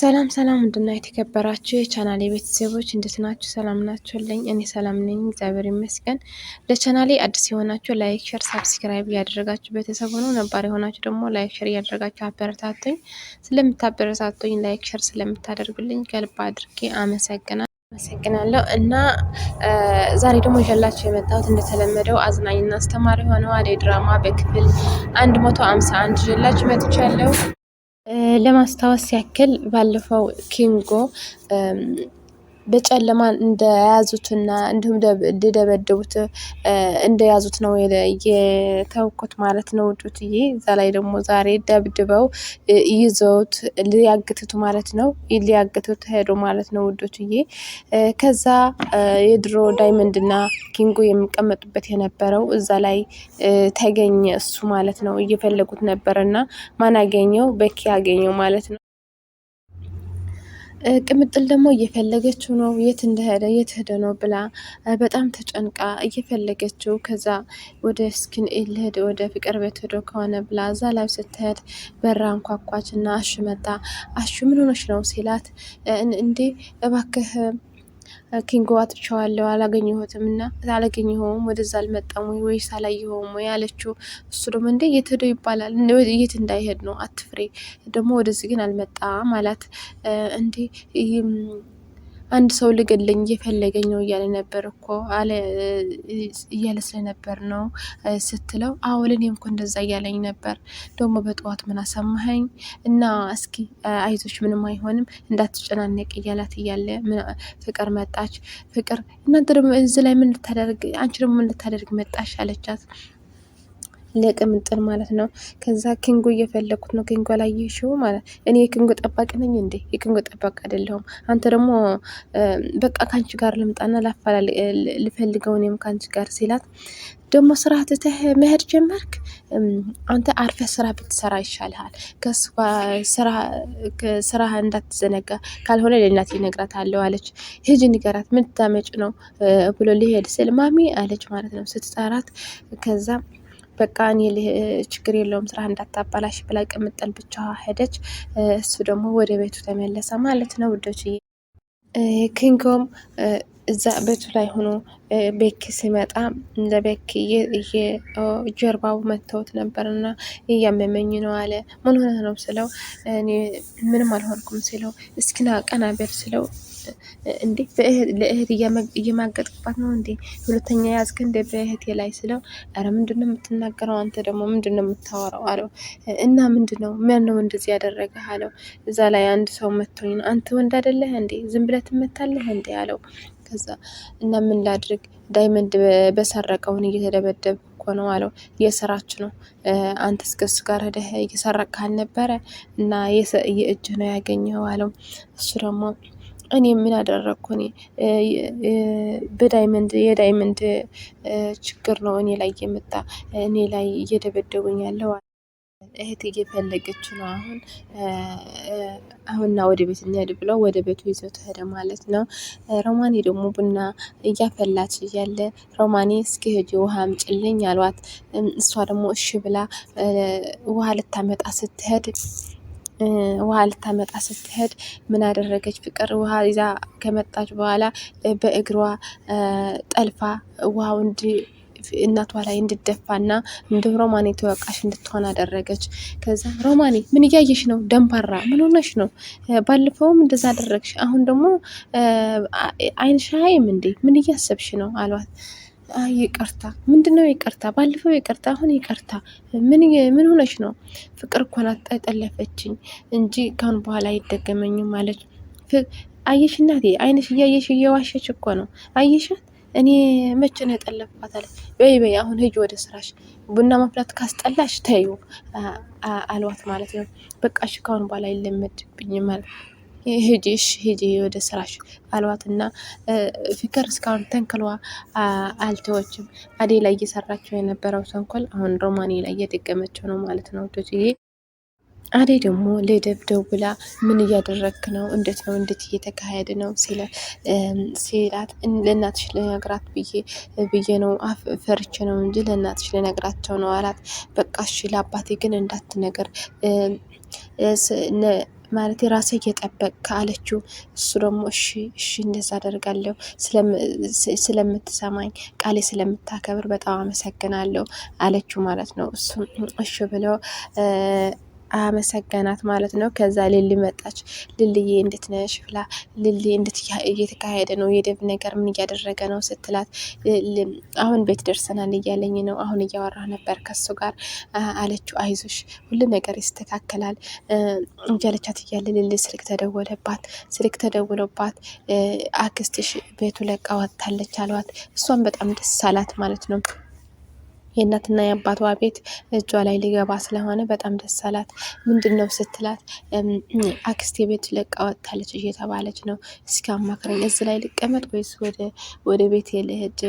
ሰላም ሰላም እንድና የተከበራችሁ የቻናሌ ቤተሰቦች እንዴት ናችሁ? ሰላም ናችሁልኝ? እኔ ሰላም ነኝ፣ እግዚአብሔር ይመስገን። ለቻናሌ አዲስ የሆናችሁ ላይክ፣ ሸር፣ ሳብስክራይብ እያደረጋችሁ ቤተሰብ ሆኖ ነባር የሆናችሁ ደግሞ ላይክ፣ ሸር እያደረጋችሁ አበረታቱኝ። ስለምታበረታቱኝ ላይክ፣ ሸር ስለምታደርጉልኝ ከልብ አድርጌ አመሰግናል አመሰግናለሁ። እና ዛሬ ደግሞ ይዤላችሁ የመጣሁት እንደተለመደው አዝናኝና አስተማሪ የሆነው አደይ ድራማ በክፍል አንድ መቶ ሃምሳ አንድ ይዤላችሁ መጥቻለሁ። ለማስታወስ ያክል ባለፈው ኪንጎ በጨለማ እንደያዙትና እንዲሁም እንደደበደቡት እንደያዙት ነው የተውኩት ማለት ነው ውዱትዬ። እዛ ላይ ደግሞ ዛሬ ደብድበው ይዘውት ሊያግቱት ማለት ነው ሊያግቱት ሄዶ ማለት ነው ውዱትዬ። ከዛ የድሮ ዳይመንድና ኪንጎ የሚቀመጡበት የነበረው እዛ ላይ ተገኘ እሱ ማለት ነው። እየፈለጉት ነበርና ማን አገኘው? በኪ አገኘው ማለት ነው። ቅምጥል ደግሞ እየፈለገችው ነው። የት እንደሄደ የት ሄደ ነው ብላ በጣም ተጨንቃ እየፈለገችው ከዛ ወደ ስኪን ልሄድ ወደ ፍቅር ቤት ሄዶ ከሆነ ብላ እዛ ላይ ስትሄድ በራ አንኳኳች እና አሹ መጣ። አሹ ምን ሆነች ነው ሲላት እንዴ እባክህ ኪንጎ አጥቼዋለሁ አላገኘሁትም እና አላገኘሁም ወደዛ አልመጣም ወይ ወይስ አላየሁም ወይ አለችው። እሱ ደግሞ እንደ የት ሄዶ ይባላል የት እንዳይሄድ ነው አትፍሬ ደግሞ ወደዚህ ግን አልመጣም አላት እንዴ አንድ ሰው ልገልኝ እየፈለገኝ ነው እያለ ነበር እኮ አለ እያለ ስለነበር ነው ስትለው፣ አዎ ለእኔም እኮ እንደዛ እያለኝ ነበር። ደግሞ በጠዋት ምን አሰማኸኝ እና እስኪ አይዞች፣ ምንም አይሆንም እንዳትጨናነቅ እያላት እያለ ፍቅር መጣች። ፍቅር እናንተ ደግሞ እዚህ ላይ ምን ልታደርግ አንቺ ደግሞ ምን ልታደርግ መጣሽ አለቻት። ለቅምጥል ማለት ነው። ከዛ ኪንጎ እየፈለኩት ነው። ኪንጎ ላይ ይሽው ማለት እኔ የኪንጎ ጠባቂ ነኝ እንዴ? የኪንጎ ጠባቂ አይደለሁም። አንተ ደግሞ በቃ ካንቺ ጋር ልምጣና ላፋላ ልፈልገው እኔም ካንቺ ጋር ሲላት ደግሞ ስራ ትተህ መሄድ ጀመርክ። አንተ አርፈ ስራ ብትሰራ ይሻልሃል። ስራ እንዳትዘነጋ ካልሆነ ለእናቴ እነግራታለሁ አለች። ሂጂ ንገራት፣ ምን ታመጭ ነው ብሎ ሊሄድ ስል ማሚ አለች ማለት ነው ስትጠራት ከዛ በቃ እኔ ችግር የለውም ስራ እንዳታባላሽ ብላ ቅምጠል ብቻ ሄደች። እሱ ደግሞ ወደ ቤቱ ተመለሰ ማለት ነው ውዶችዬ። ኪንጎም እዛ ቤቱ ላይ ሆኖ ቤክ ሲመጣ ለቤክ ጀርባው መተውት ነበር እና እያመመኝ ነው አለ። ምን ሆነ ነው ስለው ምንም አልሆንኩም ስለው እስኪና ቀና በል ስለው እንዴ ለእህት እየማገጥክባት ነው እንዴ? ሁለተኛ ያዝክ እንዴ በእህቴ ላይ ስለው፣ ኧረ ምንድን ነው የምትናገረው አንተ ደግሞ ምንድን ነው የምታወራው አለው። እና ምንድን ነው ምን ነው እንደዚህ ያደረገ አለው። እዛ ላይ አንድ ሰው መቶኝ ነው አንተ ወንድ አደለህ እንዴ? ዝም ብለህ ትመታለህ እንዴ አለው። ከዛ እና ምን ላድርግ ዳይመንድ በሰረቀውን እየተደበደብኩ እኮ ነው አለው። የስራች ነው አንተ እስከሱ ጋር ሄደህ እየሰረቅ ካልነበረ እና የእጅ ነው ያገኘው አለው። እሱ ደግሞ እኔ ምን አደረግኩ? እኔ በዳይመንድ የዳይመንድ ችግር ነው እኔ ላይ የመጣ እኔ ላይ እየደበደቡኝ ያለው እህት እየፈለገች ነው አሁን አሁንና ወደ ቤት እንሄድ ብለው ወደ ቤቱ ይዘው ተሄደ ማለት ነው። ሮማኔ ደግሞ ቡና እያፈላች እያለ ሮማኔ እስኪ ሂጂ ውሃ አምጪልኝ አሏት። እሷ ደግሞ እሺ ብላ ውሃ ልታመጣ ስትሄድ ውሃ ልታመጣ ስትሄድ ምን አደረገች? ፍቅር ውሃ ይዛ ከመጣች በኋላ በእግሯ ጠልፋ ውሃው እንዲ እናቷ ላይ እንድደፋና እንደ ሮማኔ ተወቃሽ እንድትሆን አደረገች። ከዛ ሮማኔ ምን እያየሽ ነው? ደንባራ ምን ሆነሽ ነው? ባለፈውም እንደዛ አደረግሽ፣ አሁን ደግሞ አይንሽ አያይም እንዴ? ምን እያሰብሽ ነው አሏት። ይቅርታ ምንድን ነው ይቅርታ? ባለፈው ይቅርታ፣ አሁን ይቅርታ። ምን ሆነች ነው? ፍቅር እኮ ናት ጠለፈችኝ እንጂ ካሁን በኋላ አይደገመኝም አለች። አየሽ እናቴ፣ አይነሽ እያየሽ እየዋሸች እኮ ነው። አየሻት እኔ መቼ ነው የጠለፍኳት አለ። በይ በይ አሁን ሂጂ ወደ ስራሽ፣ ቡና ማፍላት ካስጠላሽ ተዩ አልዋት ማለት ነው። በቃ እሺ ካሁን በኋላ ይለመድብኝ ማለት ሂጂ እሺ ሂጂ ወደ ስራሽ አልዋት እና ፍቅር እስካሁን ተንክሏ አልተወችም። አዴ ላይ እየሰራቸው የነበረው ተንኮል አሁን ሮማኔ ላይ እየደገመቸው ነው ማለት ነው ቶችዬ አዴ ደግሞ ለደብደው ብላ ምን እያደረግክ ነው? እንዴት ነው? እንዴት እየተካሄደ ነው? ሲላት ለእናትሽ ለነግራት ብዬ ብዬ ነው ፈርቼ ነው እንጂ ለእናትሽ ለነግራቸው ነው አላት። በቃ እሺ ለአባቴ ግን እንዳትነገር ማለት ራሴ እየጠበቅ ከአለችው እሱ ደግሞ እሺ እሺ እንደዛ አደርጋለሁ ስለምትሰማኝ ቃሌ ስለምታከብር በጣም አመሰግናለሁ አለችው ማለት ነው። እሱ እሺ ብለው አመሰገናት ማለት ነው። ከዛ ልል መጣች። ልልዬ እንዴት ነሽ ብላ ልል እንዴት እየተካሄደ ነው የደብ ነገር ምን እያደረገ ነው ስትላት፣ አሁን ቤት ደርሰናል እያለኝ ነው አሁን እያወራ ነበር ከሱ ጋር አለችው። አይዞሽ ሁሉ ነገር ይስተካከላል እያለቻት እያለ ልል ስልክ ተደወለባት። ስልክ ተደውሎባት አክስትሽ ቤቱ ለቃ ወጥታለች አሏት። እሷን በጣም ደስ አላት ማለት ነው። የእናትና የአባቷ ቤት እጇ ላይ ሊገባ ስለሆነ በጣም ደስ አላት። ምንድን ነው ስትላት አክስቴ ቤት ለቃ ወጥታለች እየተባለች ነው። እስኪ አማክረኝ፣ እዚህ ላይ ልቀመጥ ወይስ ወደ ቤት ልሄድ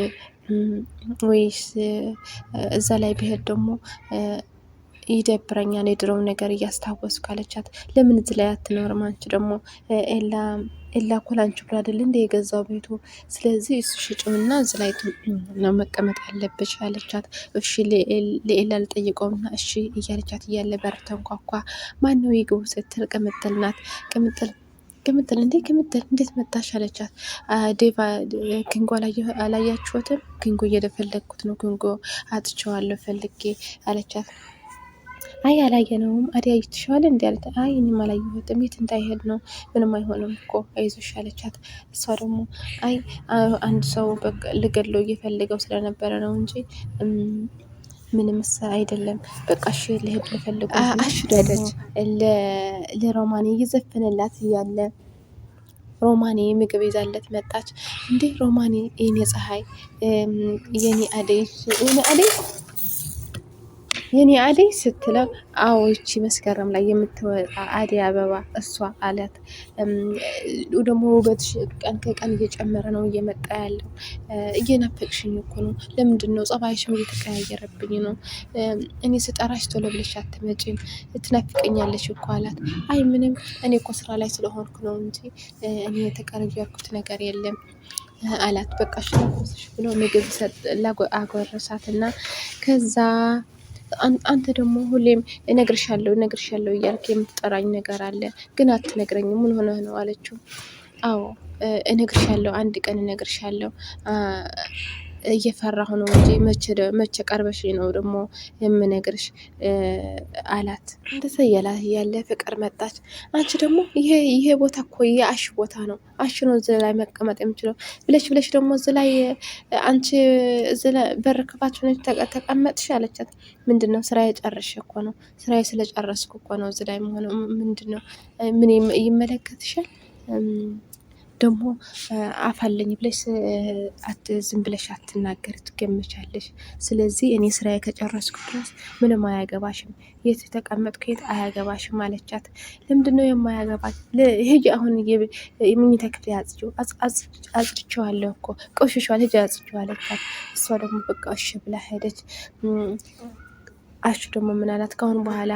ወይስ እዛ ላይ ብሄድ ደግሞ ይደብረኛል የድሮው ነገር እያስታወስኩ አለቻት። ለምን እዚህ ላይ አትኖርም? አንቺ ደግሞ ኤላ እኮ ላንቺ ብሎ አይደል እንደ የገዛው ቤቱ። ስለዚህ እሱ ሽጭምና እዚህ ላይ ነው መቀመጥ ያለብሽ አለቻት። እሺ ለኤላ ልጠይቀውና እሺ እያለቻት እያለ በር ተንኳኳ። ማነው ይግቡ ስትል ቅምጥል ናት። ቅምጥል ቅምጥል እንዴ ቅምጥል እንዴት መጣሽ? አለቻት። ዴቫ ክንጎ አላያችሁትም? ክንጎ እየደፈለግኩት ነው ክንጎ አጥቼዋለሁ ፈልጌ አለቻት። አይ አላየነውም። አዲ አይተሽዋል እንዲ አለት። አይ እኔም አላየሁትም። የት እንዳይሄድ ነው? ምንም አይሆንም እኮ አይዞሽ አለቻት። እሷ ደግሞ አይ አንድ ሰው ልገድለው እየፈለገው ስለነበረ ነው እንጂ ምንም አይደለም። በቃ እሺ ልሄድ ልፈልጉ አሽዳለች። ለሮማን እየዘፈነላት እያለ ሮማኔ ምግብ ይዛለት መጣች። እንዴ ሮማኔ የኔ ፀሐይ የኔ አደይ የኔ አደይ የኔ አደይ ስትለው አዎ ይቺ መስከረም ላይ የምትወጣ አደይ አበባ እሷ አላት። ደግሞ ውበትሽ ቀን ከቀን እየጨመረ ነው እየመጣ ያለው እየናፈቅሽኝ እኮ ነው። ለምንድን ነው ጸባይሽም እየተቀያየረብኝ ነው? እኔ ስጠራሽ ቶሎ ብለሽ አትመጪም፣ ትናፍቀኛለሽ እኮ አላት። አይ ምንም እኔ እኮ ስራ ላይ ስለሆንኩ ነው እንጂ እኔ የተቀረጀርኩት ነገር የለም አላት። በቃሽ ብሎ ምግብ አጎረሳት እና ከዛ አንተ ደግሞ ሁሌም እነግርሻለሁ እነግርሻለሁ እያልክ የምትጠራኝ ነገር አለ፣ ግን አትነግረኝ ምን ሆነህ ነው አለችው። አዎ እነግርሻለሁ፣ አንድ ቀን እነግርሻለሁ እየፈራሁ ነው እንጂ መቼ ቀርበሽ ነው ደግሞ የምነግርሽ አላት። እንደዚ ያለ ፍቅር መጣች። አንቺ ደግሞ ይሄ ቦታ እኮ የአሽ ቦታ ነው፣ አሽ ነው እዚ ላይ መቀመጥ የምችለው ብለሽ ብለሽ ደግሞ እዚ ላይ አንቺ እዚ በር ክፋችሁ ነች ተቀመጥሽ አለቻት። ምንድን ነው ስራ የጨረሽ እኮ ነው፣ ስራ ስለጨረስኩ እኮ ነው እዚ ላይ መሆነው። ምንድን ነው ምን ይመለከትሻል? ደግሞ አፋለኝ ብለሽ ዝም ብለሽ አትናገር፣ ትገምቻለሽ። ስለዚህ እኔ ስራዬ ከጨረስኩ ድረስ ምንም አያገባሽም፣ የት ተቀመጥኩ የት አያገባሽም አለቻት። ለምንድነው የማያገባት? ሂጂ አሁን የምኝተ ክፍል አጽጂው፣ አጽድቼዋለሁ እኮ ቆሽሿል፣ ሂጂ አጽጂው አለቻት። እሷ ደግሞ በቃ እሺ ብላ ሄደች። አሹ ደግሞ ምናላት ከአሁን በኋላ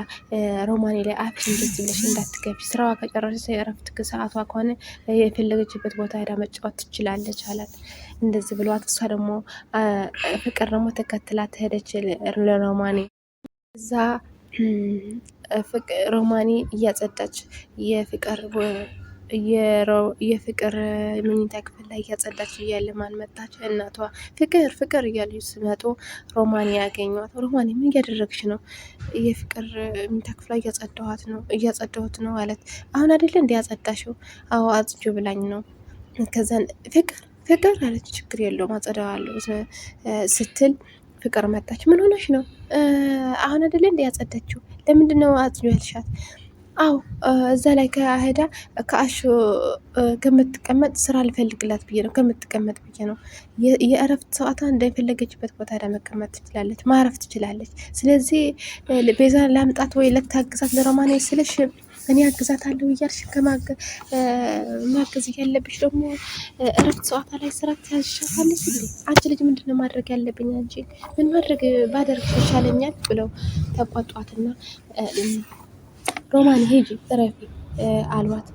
ሮማኔ ላይ አፍ እንደዚህ ብለሽ እንዳትገቢ፣ ስራዋ ከጨረሰ የእረፍት ሰዓቷ ከሆነ የፈለገችበት ቦታ ሄዳ መጫወት ትችላለች አላት። እንደዚህ ብሏት እሷ ደግሞ ፍቅር ደግሞ ተከትላት ሄደች ለሮማኔ እዛ ሮማኔ እያጸዳች የፍቅር የፍቅር መኝታ ክፍል ላይ እያጸዳች እያለ ማን መጣች? እናቷ ፍቅር ፍቅር እያሉ ስመጡ ሮማን ያገኟት። ሮማን ምን እያደረግሽ ነው? የፍቅር መኝታ ክፍል ላይ እያጸዳኋት ነው እያጸዳሁት ነው ማለት አሁን አይደለ እንዲ ያጸዳሽው? አዎ አጽጆ ብላኝ ነው። ከዛን ፍቅር ፍቅር አለች። ችግር የለውም አጸዳዋለሁ ስትል ፍቅር መጣች። ምን ሆነሽ ነው? አሁን አይደለ እንዲ ያጸዳችው? ለምንድን ነው አጽጆ ያልሻት? አዎ እዛ ላይ ከሄዳ ከአሹ ከምትቀመጥ ስራ ልፈልግላት ብዬ ነው ከምትቀመጥ ብዬ ነው። የእረፍት ሰዓቷ እንደፈለገችበት ቦታ ሄዳ መቀመጥ ትችላለች፣ ማረፍ ትችላለች። ስለዚህ ቤዛ ላምጣት ወይ ለታግዛት ለሮማኔ ስለሽ እኔ አግዛታለሁ እያልሽ ማገዝ እያለብሽ ደግሞ እረፍት ሰዓቷ ላይ ስራ ትያዝሻታለች። አንቺ ልጅ ምንድን ነው ማድረግ ያለብኝ? አንቺ ምን ማድረግ ባደርግ ይሻለኛል? ብለው ተቋጧትና ሮማን ሂጂ እረፊ አሏት።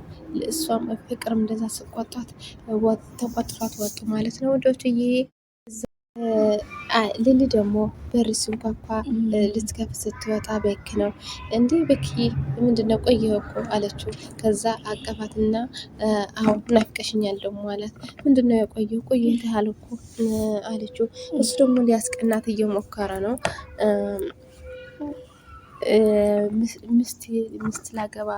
እሷም ፍቅርም እንደዛ ስቋጧት ተቋጥሯት ወጡ ማለት ነው። ወንዶች ይሄ ልል ደግሞ በር ሲንኳኳ ልትከፍ ስትወጣ በክ ነው እንዴ ቤክ ምንድነው ቆየሁ እኮ አለችው። ከዛ አቀፋትና አሁ ናፍቀሽኛል ደግሞ አላት። ምንድነው የቆየሁ ቆይተሃል እኮ አለችው። እሱ ደግሞ ሊያስቀናት እየሞከረ ነው። ሚስት ላገባ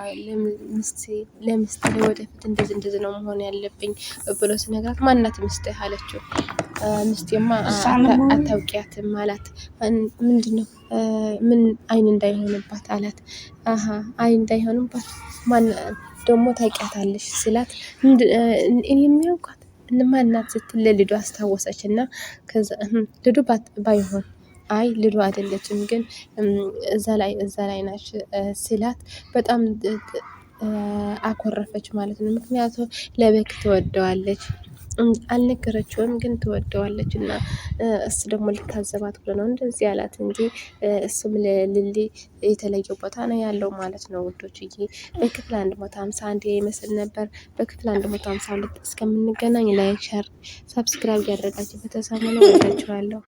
ለሚስት ወደፊት እንደዚህ እንደዚህ ነው መሆን ያለብኝ ብሎ ሲነግራት ማናት ሚስትህ አለችው። ሚስቴማ አታውቂያትም አላት። ምንድነው ምን አይን እንዳይሆንባት አላት። አይን እንዳይሆንባት ማን ደግሞ ታውቂያታለሽ ሲላት እኔ የሚያውቃት ማናት ስትል ለልዱ አስታወሰች እና ልዱ ባይሆን አይ ልዱ አይደለችም፣ ግን እዛ ላይ እዛ ላይ ናች ስላት በጣም አኮረፈች ማለት ነው። ምክንያቱ ለበክ ትወደዋለች አልነገረችውም፣ ግን ትወደዋለች እና እሱ ደግሞ ልታዘባት ብሎ ነው እንደዚህ ያላት እንጂ እሱም ልሊ የተለየ ቦታ ነው ያለው ማለት ነው ውዶች። እ በክፍል አንድ መቶ ሀምሳ አንድ ይመስል ነበር። በክፍል አንድ መቶ ሀምሳ ሁለት እስከምንገናኝ ላይክ፣ ሸር፣ ሰብስክራይብ ያደረጋችሁ በተሰሙ ነው ወዳችኋለሁ።